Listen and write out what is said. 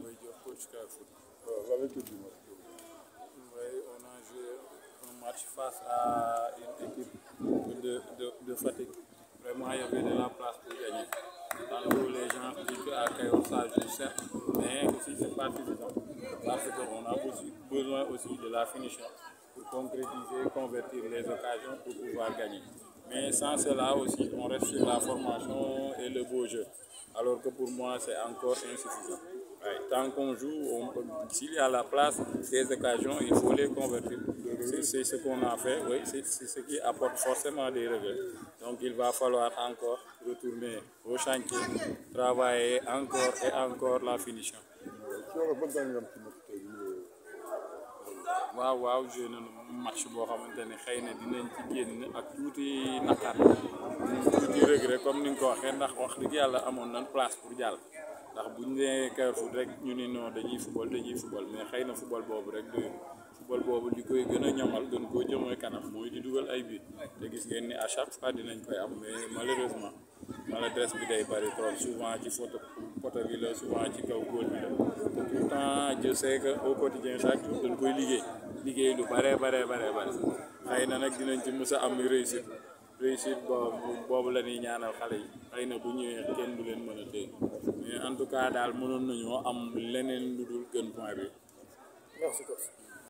mooy jox coach Carrefour. waaw match face à une équipe de de de Fatick. vraiment il y de la place pour gagner. dans le les gens disent qu'à Kayor ça joue certes mais aussi c'est pas suffisant parce qu'on a aussi aussi de la finition pour concrétiser convertir les occasions pour pouvoir gagner mais sans cela aussi on reste la formation et le beau jeu alors que pour moi c'est encore insuffisant Ouais, tant qu'on joue, s'il a la place, des occasions, il faut les convertir. C'est ce qu'on a fait, c'est ce qui apporte forcément des regrets. Donc il va falloir encore retourner au travailler encore et encore la finition. waaw waaw joué nañu match boo xamante ne xëy na dinañ ci ak tuuti naqar tuuti regret comme ni nga ko waxee ndax wax dëgg yàlla amoon nañ place pour jàll ndax bu ñu nee Kayor rek ñu ni non dañuy football dañuy football mais xëy na football boobu rek doyul football boobu li koy gën a ñamal gën koo jëmee kanam mooy di dugal ay biir te gis ngeen ni à chaque fois dinañ koy am mais malheureusement maladresse bi day bari trop souvent ci photo photo bi la souvent ci kaw góol bi la te pourtant je sais que au quotidien chaque koy liggéey liggéey lu baree baree baree bare xëy na nag dinañ ci mës a am réussir réussite boobu boobu la ñuy ñaanal xale yi xëy na bu ñëwee kenn bu leen mën a téye mais en tout cas daal mënoon nañoo am leneen lu dul gën point bi